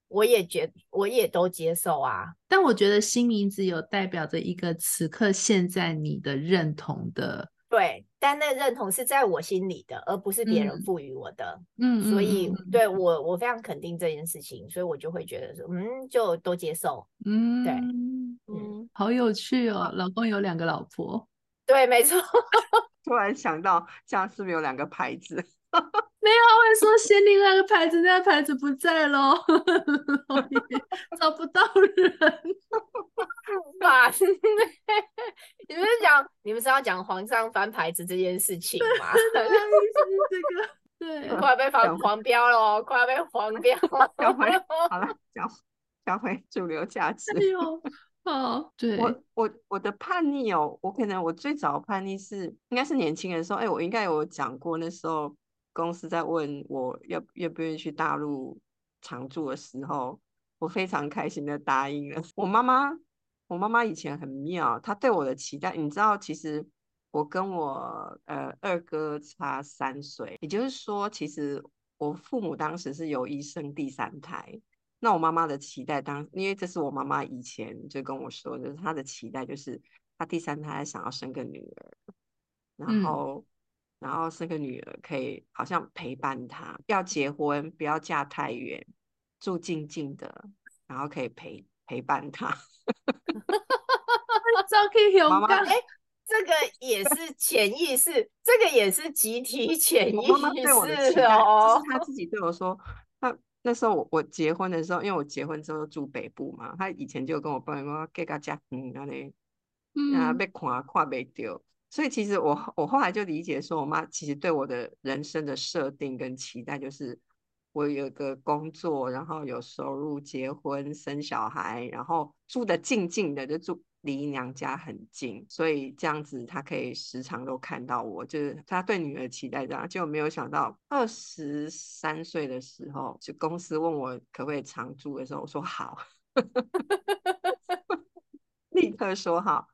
我也覺得，我也都接受啊。但我覺得新名字有代表着一個此刻現在你的認同的，對。但那認同是在我心裡的，而不是別人賦予我的。嗯，嗯，所以對我，我非常肯定這件事情，所以我就會覺得說，嗯，就都接受。嗯，對，嗯，好有趣哦，老公有兩個老婆。對，沒錯。 *laughs* 突然想到，家是不是有兩個牌子？ *laughs* 沒有，我說先另那個牌子，那個牌子不在嘍， *laughs* 找不到人，煩。 *laughs* *laughs* 你們講，你們是要講皇上翻牌子這件事情嗎？ *laughs* 對，這個對啊、快被翻黃標了，快被黃標了。 *laughs* 講回好了，講講回主流價值。哦、 *laughs* 哎啊，對，我我我的叛逆哦，我可能我最早叛逆是應該是年輕人說，哎、欸，我應該有講過那時候。公司在問我要願不願意去大陸常住的時候，我非常開心的答應了。我媽媽，我媽媽以前很妙，她對我的期待，你知道，其實我跟我呃二哥差三歲，也就是說，其實我父母當時是有意生第三胎。那我媽媽的期待當，當因為這是我媽媽以前就跟我說的，就是她的期待就是她第三胎想要生個女兒，然後、嗯。然後生個女兒可以好像陪伴她，要結婚不要嫁太遠，住近近的，然後可以陪陪伴她 *laughs* *laughs* 媽媽、欸、這個也是潛意識， *laughs* 這個也是集體潛意識哦。媽媽對的 *laughs* 是她自己對我說，那、哦、那時候我我結婚的時候，因為我結婚之後住北部嘛，她以前就跟我抱怨過，嫁到這遠安尼，啊，被、嗯、看看不着。所以其實我我後來就理解說，我媽其實對我的人生的設定跟期待，就是我有個工作，然後有收入，結婚生小孩，然後住得近近的，就住離娘家很近，所以這樣子她可以時常都看到我，就是她對女兒期待這樣。結果沒有想到，二十三歲的時候，就公司問我可不可以常住的時候，我說好，立 *laughs* 刻說好。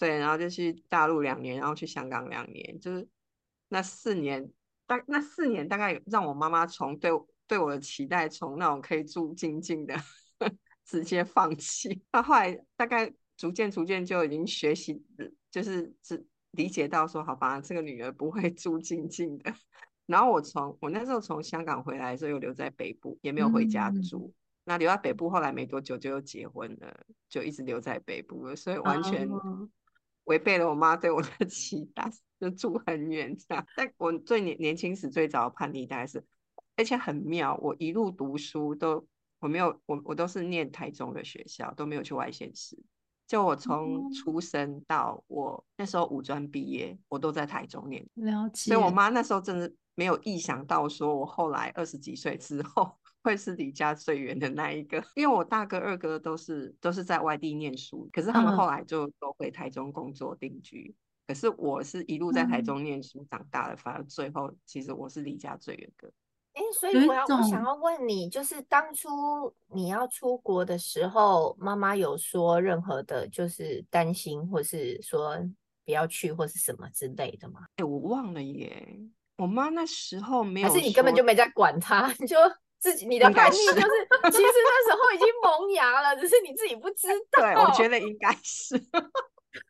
對，然後就去大陸兩年，然後去香港兩年，就是那四年大那四年大概讓我媽媽從對對我的期待從那種可以住靜靜的呵呵直接放棄。那後，後來大概逐漸逐漸就已經學習，就是只理解到說，好吧，這個女兒不會住靜靜的。然後我從我那時候從香港回來，所以又留在北部，也沒有回家住。嗯。那留在北部後來沒多久就又結婚了，就一直留在北部了，所以完全，嗯。違背了我媽對我的期待，就住很遠這樣。但我最年年輕時最早的叛逆大概是，而且很妙，我一路讀書都我沒有我我都是念台中的學校，都沒有去外縣市。就我從出生到我那時候五專畢業，我都在台中念。了解。所以我媽那時候真的沒有意想到，說我後來二十幾歲之後。會是離家最遠的那一個，因為我大哥二哥都是都是在外地念書，可是他們後來就都回台中工作定居。嗯、可是我是一路在台中念書、嗯、長大的，反而最後其實我是離家最遠的。所以我要、嗯、我想要問你，就是當初你要出國的時候，媽媽有說任何的，就是擔心，或是說不要去，或是什麼之類的嗎？哎，我忘了耶。我媽那時候沒有，可是你根本就沒在管他，你就。自己你的感受就是、是，其實那時候已經萌芽了， *laughs* 只是你自己不知道。對，我覺得應該是 *laughs*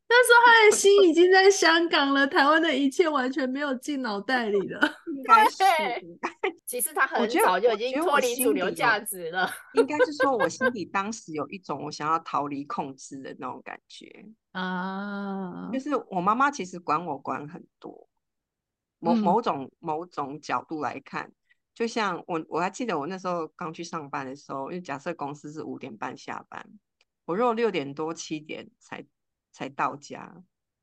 那時候他的心已經在香港了，台灣的一切完全沒有進腦袋裡了。應是對對，其實他很早就已經脫離主流價值了。應該是說，我心底當時有一種我想要逃離控制的那種感覺啊，就是我媽媽其實管我管很多，某某種、嗯、某種角度來看。就像我，我還記得我那時候剛去上班的時候，因為假設公司是五點半下班，我如果六點多七點才才到家，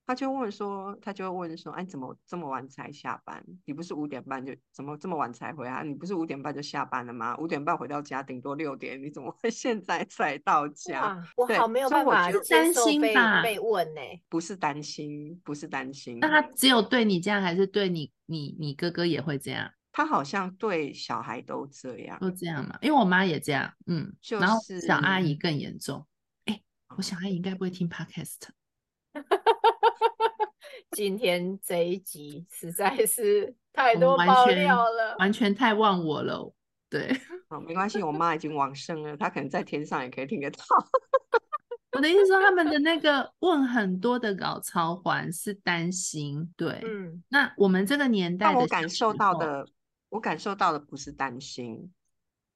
他就問說，他就問說，哎，怎麼這麼晚才下班？你不是五點半就怎麼這麼晚才回啊？你不是五點半就下班了嗎？五點半回到家，頂多六點，你怎麼會現在才到家？我好沒有辦法，是擔心吧，被問呢。不是擔心，不是擔心。那他只有對你這樣，還是對你你你哥哥也會這樣？他好像對小孩都這樣，都這樣嘛、啊？因為我媽也這樣，嗯，就是、然後小阿姨更嚴重。哎，我小阿姨應該不會聽 Podcast。 *laughs* 今天這一集實在是太多爆料了，完全，完全太忘我了。對，哦，沒關係，我媽已經往生了， *laughs* 她可能在天上也可以聽得到。 *laughs* 我的意思說，他們的那個問很多的老超環是擔心，對，嗯，那我們這個年代我感受到的。我感受到的不是擔心，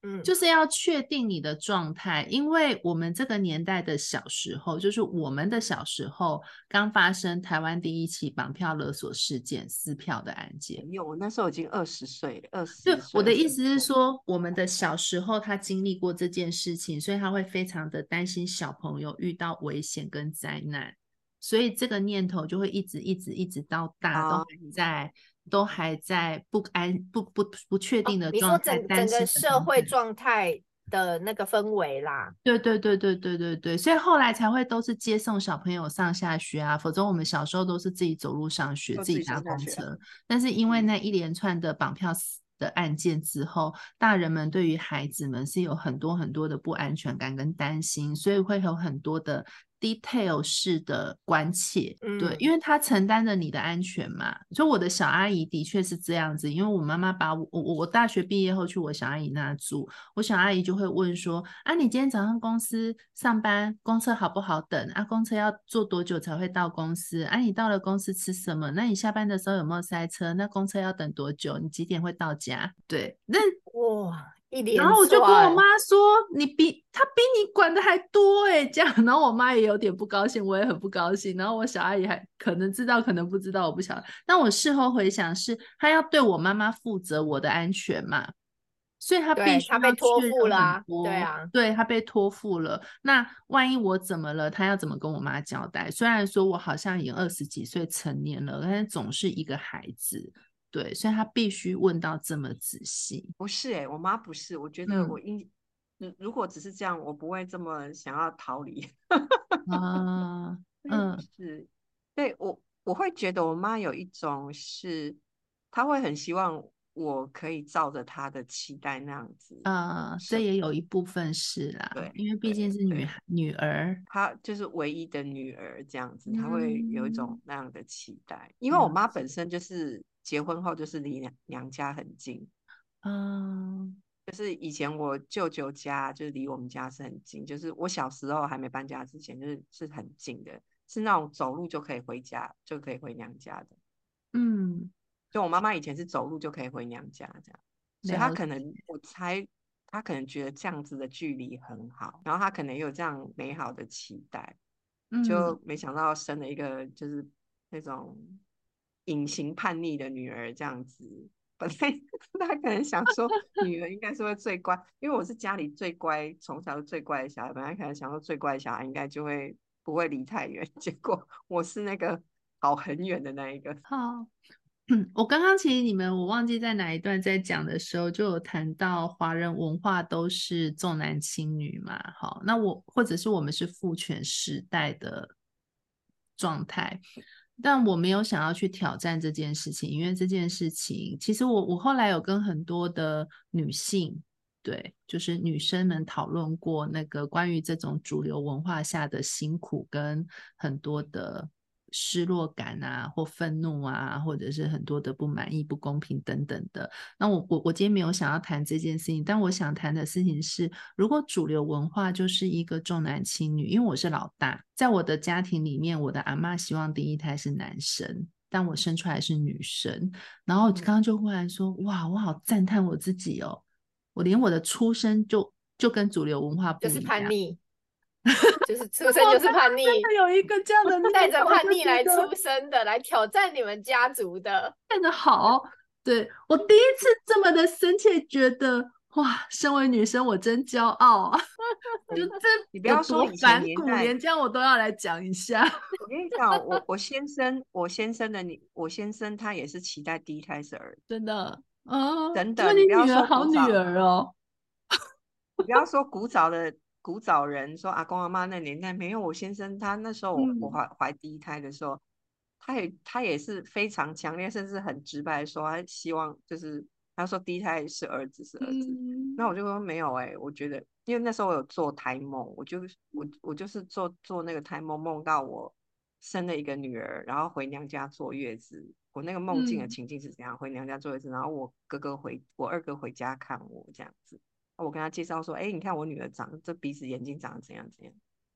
嗯，就是要確定你的狀態，嗯，因為我們這個年代的小時候，就是我們的小時候剛發生台灣第一起綁票勒索事件、撕票的案件。有、哎，我那時候已經二十歲了，二十。對，我的意思是說，嗯，我們的小時候他經歷過這件事情，所以他會非常的擔心小朋友遇到危險跟災難，所以這個念頭就會一直一直一直到大都在。哦都還在不安、不不不確定的狀態。哦、你說整整個社會狀態的那個氛圍啦。對對對對對對對，所以後來才會都是接送小朋友上下學啊，否則我們小時候都是自己走路上學，自己，上學自己搭公車。但是因為那一連串的綁票的案件之後，大人們對於孩子們是有很多很多的不安全感跟擔心，所以會有很多的。detail 式的關切，嗯、對，因為他承擔着你的安全嘛。所以我的小阿姨的確是這樣子，因為我媽媽把我我我大學畢業後去我小阿姨那住，我小阿姨就會問說：啊，你今天早上公司上班公車好不好等啊？公車要坐多久才會到公司啊？你到了公司吃什麼？那你下班的時候有沒有塞車？那公車要等多久？你幾點會到家？對，那哇。然後我就跟我媽說：“欸、你比她比你管的還多哎、欸。”這樣，然後我媽也有點不高興，我也很不高興。然後我小阿姨還可能知道，可能不知道，我不曉得。但我事後回想是，是她要對我媽媽負責我的安全嘛，所以她必須她被托付了。對啊，對她被托付了。那萬一我怎麼了，她要怎麼跟我媽交代？雖然說我好像已經二十幾歲成年了，但是總是一個孩子。對，所以她必須問到這麼仔細。不是哎、欸，我媽不是，我覺得我應、嗯，如果只是這樣，我不會這麼想要逃離。啊、 *laughs* 嗯，嗯，是，對我我會覺得我媽有一種是，她會很希望我可以照着她的期待那樣子。啊、嗯，所以也有一部分是啦、啊，對，因為畢竟是女孩女兒，她就是唯一的女兒這樣子，嗯、她會有一種那樣的期待，嗯、因為我媽本身就是。結婚後就是離娘娘家很近，嗯，就是以前我舅舅家就是離我們家是很近，就是我小時候還沒搬家之前，就是是很近的，是那種走路就可以回家，就可以回娘家的，嗯，就我媽媽以前是走路就可以回娘家這樣，所以她可能我猜她可能覺得這樣子的距離很好，然後她可能有這樣美好的期待，嗯，就沒想到生了一個就是那種。隱形叛逆的女兒這樣子，本來他可能想說女兒應該是會最乖， *laughs* 因為我是家裡最乖、從小最乖的小孩，本來可能想說最乖的小孩應該就會不會離太遠，結果我是那個好很遠的那一個。好，嗯、我剛剛其實你們我忘記在哪一段在講的時候就有談到華人文化都是重男輕女嘛？好，那我或者是我們是父權時代的狀態。但我沒有想要去挑戰這件事情，因為這件事情，其實我我後來有跟很多的女性，對，就是女生們討論過那個關於這種主流文化下的辛苦跟很多的。失落感啊，或憤怒啊，或者是很多的不滿意、不公平等等的。那我我我今天沒有想要談這件事情，但我想談的事情是，如果主流文化就是一個重男輕女，因為我是老大，在我的家庭裡面，我的阿嬤希望第一胎是男生，但我生出來是女生。然後剛剛就忽然說，哇，我好讚嘆我自己哦，我連我的出生就就跟主流文化不一樣。就是 *laughs* 就是出生就是叛逆，有一個這樣的帶着叛逆來出生的， *laughs* 來挑戰你們家族的，真的好。對，我第一次這麼的深切覺得，哇，身為女生我真驕傲啊！ *laughs* 就這，你不要說反骨，連這樣我都要來講一下。 *laughs* 我跟你講，我我先生，我先生的你，我先生他也是期待第一胎生兒真的真、哦、等等，不要說女兒哦，不要說古早的。 *laughs* *laughs* 古早人說，阿公阿媽那年代沒有我先生，他那時候我懷懷、嗯、第一胎的時候，他也他也是非常強烈，甚至很直白說，說他希望就是他說第一胎是兒子是兒子。嗯、那我就說沒有哎、欸，我覺得因為那時候我有做胎夢，我就我我就是做做那個胎夢，夢到我生了一個女兒，然後回娘家坐月子。我那個夢境的情境是怎樣、嗯？回娘家坐月子，然後我哥哥回我二哥回家看我這樣子。我跟他介紹說：“哎、欸，你看我女兒長這鼻子、眼睛長得怎樣怎樣。”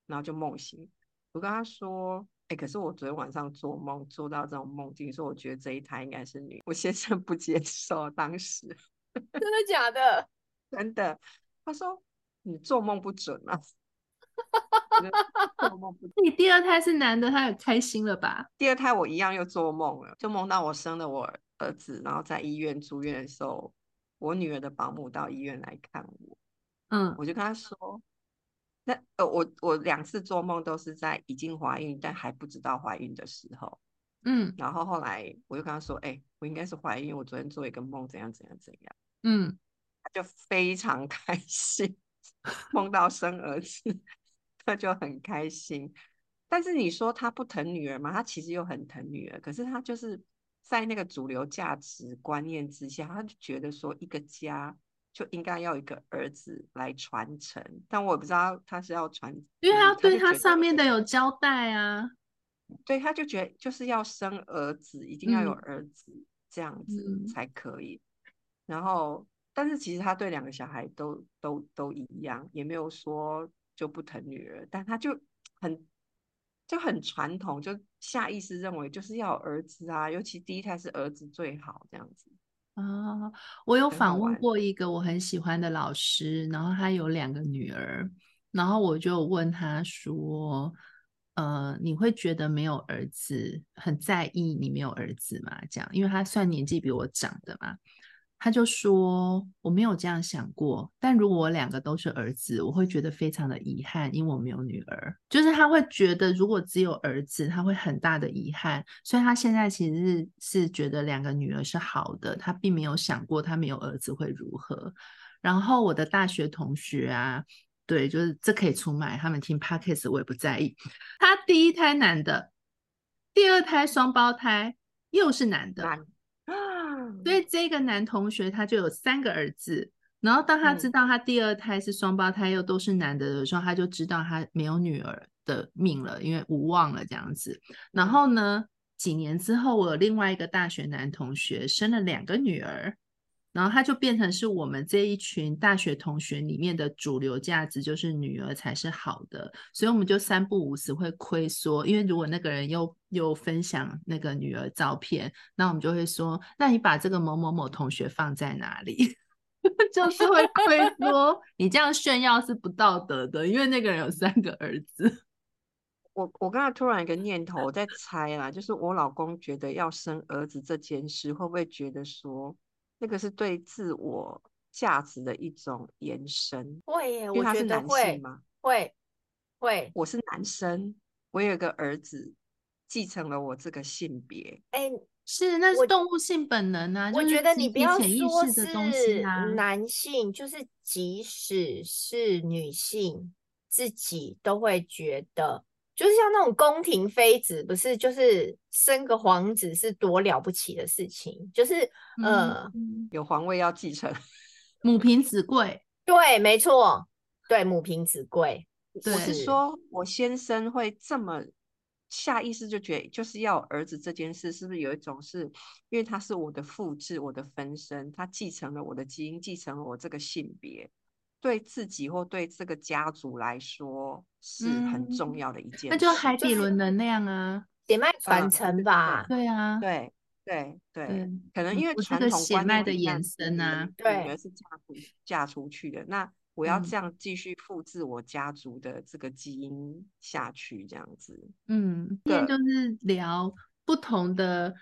然後就夢醒。我跟他說：“哎、欸，可是我昨天晚上做夢做到這種夢境，所以我覺得這一胎應該是女。”我先生不接受，當時。真的假的？ *laughs* 真的。他說：“你做夢不準啊！”哈哈哈哈哈。做夢不準。你第二胎是男的，他很開心了吧？第二胎我一樣又做夢了，就夢到我生了我兒子，然後在醫院住院的時候。我女兒的保姆到醫院來看我，嗯，我就跟她說，那呃，我我兩次做夢都是在已經懷孕但還不知道懷孕的時候，嗯，然後後來我就跟她說，哎、欸，我應該是懷孕，我昨天做一個夢，怎樣怎樣怎樣，嗯，她就非常開心，夢到生兒子，她就很開心。但是你說她不疼女兒嗎？她其實又很疼女兒，可是她就是。在那個主流價值觀念之下，他就覺得說，一個家就應該要一個兒子來傳承。但我不知道他是要傳，因為他對他上面的有交代啊。對，他就覺得就是要生兒子，一定要有兒子，嗯，這樣子才可以，嗯。然後，但是其實他對兩個小孩都都都一樣，也沒有說就不疼女兒，但他就很。就很傳統，就下意識認為就是要兒子啊，尤其第一胎是兒子最好這樣子。啊，我有訪問過一個我很喜歡的老師，嗯、然後他有兩個女兒，然後我就問他說：“呃，你會覺得沒有兒子很在意你沒有兒子嗎？”這樣，因為他算年紀比我長的嘛。他就說，我沒有這樣想過，但如果我兩個都是兒子，我會覺得非常的遺憾，因為我沒有女兒。就是他會覺得如果只有兒子，他會很大的遺憾。所以他現在其實是是覺得兩個女兒是好的，他並沒有想過他沒有兒子會如何。然後我的大學同學啊，對，就是這可以出賣，他們聽 Podcast 我也不在意。他第一胎男的，第二胎雙胞胎又是男的。所以這個男同學他就有三個兒子，然後當他知道他第二胎是雙胞胎又都是男的的時候，嗯，他就知道他沒有女兒的命了，因為無望了這樣子。然後呢，幾年之後，我有另外一個大學男同學生了兩個女兒。然後他就變成是我們這一群大學同學裡面的主流價值，就是女兒才是好的，所以我們就三不五時會虧說，因為如果那個人又又分享那個女兒照片，那我們就會說，那你把這個某某某同學放在哪裡？ *laughs* 就是會虧說 *laughs* 你這樣炫耀是不道德的，因為那個人有三個兒子。我我剛剛突然一個念頭我在猜啦、啊， *laughs* 就是我老公覺得要生兒子這件事，會不會覺得說？那個是對自我價值的一種延伸，會耶？因為他是男性嘛，我覺得會，會。我是男生，我有個兒子，繼承了我這個性別。哎、欸，是，那是動物性本能啊，我，就是潛意識的東西啊。我覺得你不要說是男性，就是即使是女性自己都會覺得。就是像那種宮廷妃子，不是就是生個皇子是多了不起的事情，就是嗯、呃，有皇位要繼承，母憑子貴，對，沒錯，對，母憑子貴。我是說我先生會這麼下意識就覺得，就是要兒子這件事，是不是有一種是因為他是我的複製，我的分身，他繼承了我的基因，繼承了我這個性別。對自己或對這個家族來說是很重要的一件事，嗯，那就海底輪能量啊，就是，血脈傳承吧。對啊，對對對，對，嗯，可能因為傳統觀念的延伸啊，原來，對，是嫁出嫁出去的，那我要這樣繼續複製我家族的這個基因下去，這樣子。嗯，今天就是聊不同的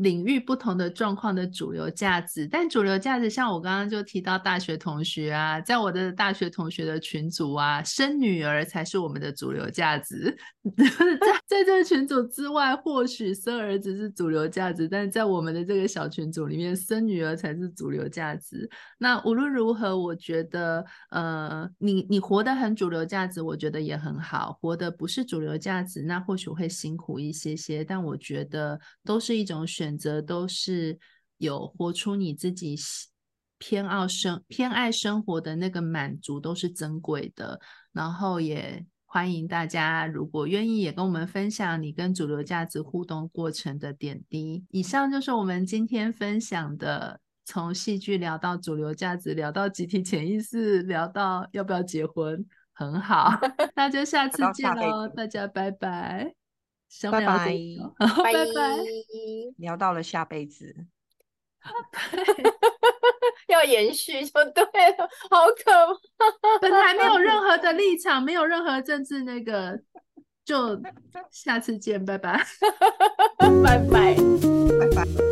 領域不同的狀況的主流價值，但主流價值像我剛剛就提到大學同學啊，在我的大學同學的群組啊，生女兒才是我們的主流價值。 *laughs* 在在這個群組之外，或許生兒子是主流價值，但在我們的這個小群組裡面，生女兒才是主流價值。那無論如何，我覺得呃，你你活得很主流價值，我覺得也很好；活得不是主流價值，那或許會辛苦一些些，但我覺得都是一種選。選擇都是有活出你自己偏愛生偏愛生活的那個滿足，都是珍貴的。然後也歡迎大家，如果願意，也跟我們分享你跟主流價值互動過程的點滴。以上就是我們今天分享的，從戲劇聊到主流價值，聊到集體潛意識，聊到要不要結婚，很好。 *laughs* 那就下次見嘍，大家拜拜。拜拜，拜拜，oh，聊到了下輩子， *laughs* 要延續就對了，好可怕。本來沒有任何的立場， *laughs* 沒有任何政治那個，就下次見，拜 *laughs* 拜，拜拜，拜拜。